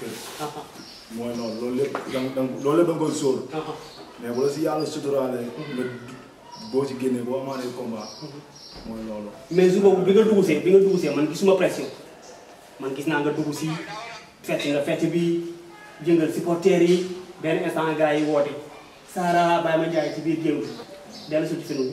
kër. mooy noonu loolu lépp da nga loolu lépp da nga koy uh-huh. mais bu la si yàlla suturaale. Uh-huh. nga boo si génnee boo amaatee combat. Uh-huh. mooy loolu. mais su boobu bi nga dugg see bi nga dugg see man gisuma pression man gis naa nga dugg si fecc nga fecc bi jëngal supporter yi benn instant gars yi woote. Sara Baye ma jaay ci biir dell bi dellu si ci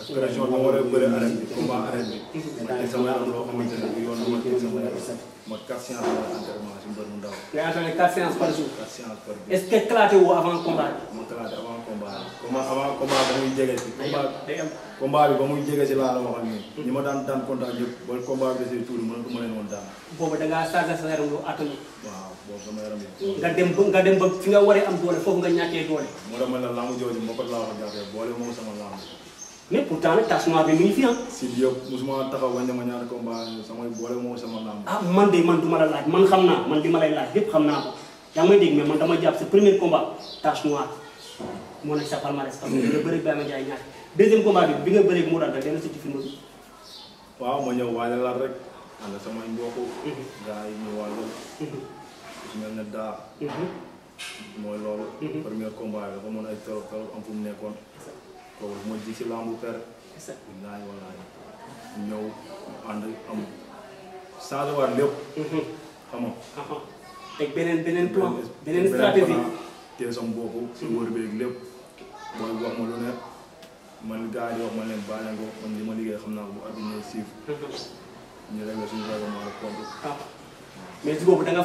parce que région a bëri arène bi combat arène bi man tey sama yaram loo xamante ne bi yoon na ma mu ba muy jege si combat combat bi ba jege si laa la waxoon nii ñi ma daan daan contact yëpp boobu da ngaa saaga sa yaram lu attanu waaw boobu sama yaram yi nga dem ba nga dem ba fi moo tax laa wax jàppee boole moom sama laamu mais pourtant ah, lah. lah. nak tasuma bi mi fi si yo musuma taxaw wagn dama ñaan combat sama boole mo sama lamb ah man de man duma la laaj man xamna man di ma lay laaj yep xamna ko ya ngay deg mais man dama japp ce premier combat tasuma mo nak sa palmarès parce que beure ba ma jay ñaar deuxième combat bi bi nga beure mo dal ben ci ci film waaw ma ñew waale la rek ala sama mbokk gaay ñu walu ci ñu na da moy lolu premier combat bi ko mo ay torop torop am fu nekkon loolu ma ji si lambu per billaay wallaay ñëw ànd am changé waat lépp mhm. xam nga beneen beneen plan beneen stratégie tee sam bopp si wër beeg lépp booy wax ma lu ne man gars yi wax ma leen bàyyi ko man li ma liggéey xam naa ko bu adduna siif mhm. ñu régler suñu règlement de compte ah. mais si boobu da nga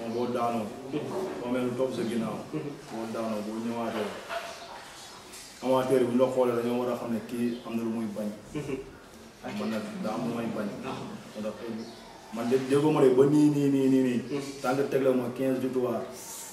moom boo daanoo. moo mel topp sa ginnaaw. boo daanoo boo ñëwaatee amateur bi ñu la xoolee dañoo war a xam ne kii am na lu muy bañ. man nag daa am lu may bañ. man de déggoo ma de ba nii nii nii nii nii. tant ma quinze victoires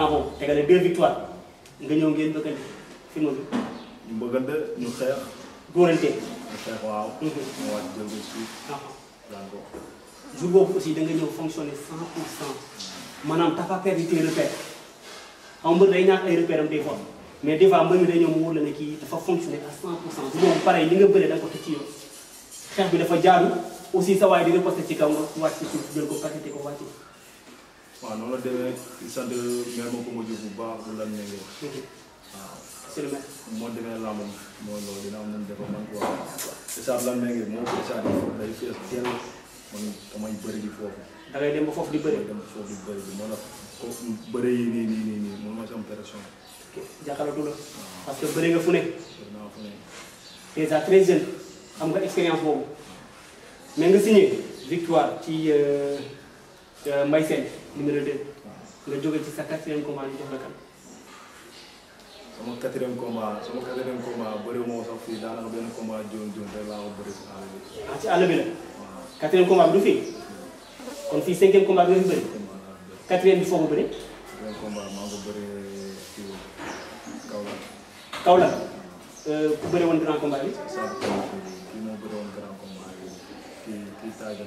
temps boobu tega ne deux victoires nga ñëw ngeen bëggante fi mu ñu bëggante ñu xeex. góorante. ñu xeex waaw. mu mhm. waat jël ko suuf. Ah. daan ko. jour boobu aussi da nga ñëw fonctionner cent pour cent maanaam t'as pas perdu tes repères xam nga day ñàkk ay repères am des fois mais des fois mbir mi day ñëw mu wóor la ne kii dafa fonctionner à cent pour cent jour boobu pareil li nga bëree da nga ko teg ci yoon xeex bi Wah, nona dia isan de memo ko mo jugo ba bulan ni. Ah. Sirme. Mo de me lamo. Mo lo de nam de ko man ko. Isa bulan me ngi mo ko isa de ko dai fi asiel. Mo ko may bari di fof. Da ngay dem fof di bari. Dem fof di bari di mo la ko bari yi ni ni ni ni mo ma sam operation. Jakarta dulu. Parce que bari nga fune. Na fune. Et ça très jeune. Xam nga experience bobu. Mais nga signé victoire ci euh euh limited nga jóge ci sa quatrième combat ñu jox la kan. sama quatrième combat sama quatrième combat bëriwu ma sax fii daanaka benn combat joon joon rek laa ko bëri si àll bi. ah ci àll bi la. waaw quatrième combat bi du fii. kon fii cinquième combat bi nga fi bëri. quatrième bi foo ko bëri. quatrième combat maa ko bëri fii Kaolack. Kaolack ku bëri woon grand combat bi. saa kii moo bëri woon grand combat bi kii kii Taïda.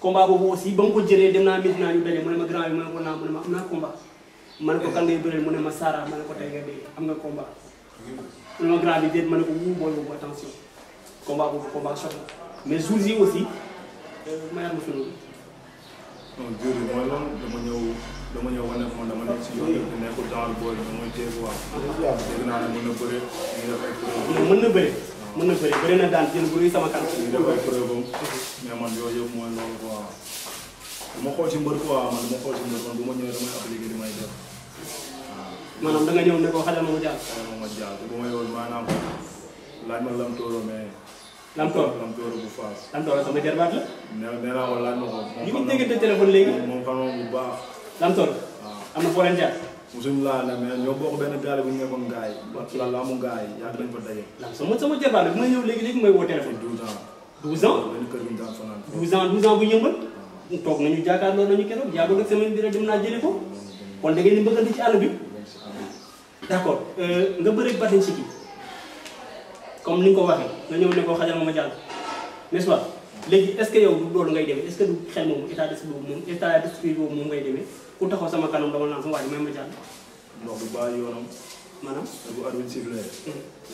combat boobu aussi ba mu ko jëlee dem naa Medina ñu daje mu ne ma grand bi ko naa mu ne ma am naa combat mu ne ma Sara ma ne ko tey nga dee am nga combat mu ne ma grand bi déet ma ne ko wuu booy boobu attention combat boobu combat choc la ma ne bëre. mën na bëri bëri na daan jël bu sama carte bi da koy preuve mais man yoy yëpp mooy loolu quoi dama xool ci mbër quoi man dama xool ci mbër man bu ma ñëwee damay appliqué damay def manam da nga ñëw ne ko xalé mo jaal xalé mo jaal bu ma yoy manam laaj ma lam toro mais lam toro lam toro bu faas lam toro sama jërbaat la neew neela wala laaj ma ko ñu ngi téggé téléphone légui mo fa mo bu baax lam toro amna foreign jaar musuñ laa ne mais ñoo bokk benn gaale bu ñu nekkoon gaay yi la amu gaay yi yàgg nañ fa daje. sama sama jërbaale bi ma ñëw léegi léegi may woo téléphone. 12 ans ñu daan fanaan. 12 ans 12 ans dem naa jëli ko kon da bi d' accord euh, nga bëri batiñ si kii comme ni nga ko waxee nga ñëw ne ko xajal ma ma jàll n' est ce léegi est ce que yow loolu ngay demee est ce que du xel moomu état d' esprit boobu moom état d' esprit boobu moom ngay demee ku taxaw sama kanam dama naan sama waa ji may ma jàll. ndox du bàyyi yoonam. maanaam te bu arbitre sifflé.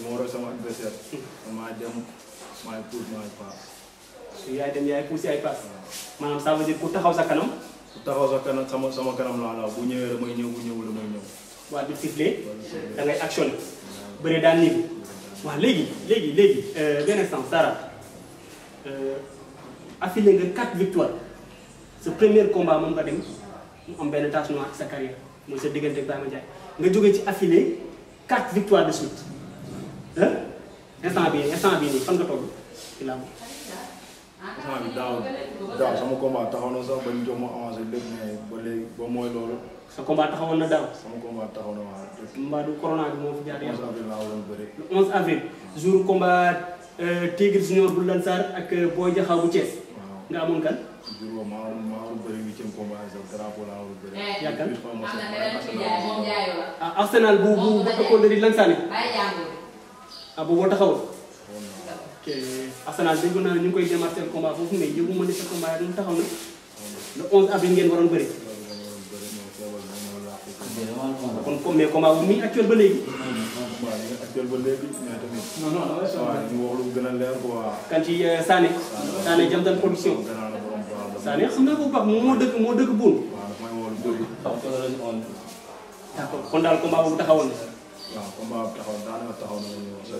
ma war a sama adversaire. Hmm. maa dem maay pousse maay paas. yaay dem yaay pousse yaay paas. Hmm. maanaam ça veut dire ku taxaw sa kanam. taxaw sa kanam sama sama kanam laa la bu ñëwee damay ñëw bu ñëwul damay ñëw. bu arbitre sifflé da ngay actionné. bëre daan léegi léegi léegi euh, benn instant Sara euh, affilé nga quatre victoires sa premier combat moom dem. mu am benn tâche noire sa carrière mooy sa diggante Ibrahima nga jógee ci affilée quatre victoires de suite ah instant bii instant bii nii fan nga toll ci sama combat taxaw na sax ba ñu mooy loolu. sa combat taxawoon na daaw. sama combat taxaw na waaw. mbaa du corona bi moo fi jaar yàlla. 11 avril avril jour combat euh, Tigre Junior bu Lansar ak euh, Boy Diakhaw bu Thiès. nga amoon kan. juróom maa waroon maa waroon bëri huitième combat drapeau laa waroon yàggal Arsenal bu bu bu ëppoon na di sànni. ah taxawul. Arsenal dégg naa ne ñu koy démarrer seen combat foofu mais yëgu ma ne sa combat taxaw na. le 11 avril ngeen waroon bëri. kon comme bu muy actuel ba léegi. waaw li nga actuel ba léegi a leer c'est-à-dire xam naa ko bu baax moo dëgg moo dëgg buun. waaw mooy woon dëgg. waaw loolu la ñu woon. d'accord kon daal combat boobu taxawoon na. waaw combat boobu taxawoon daanaka taxawoon na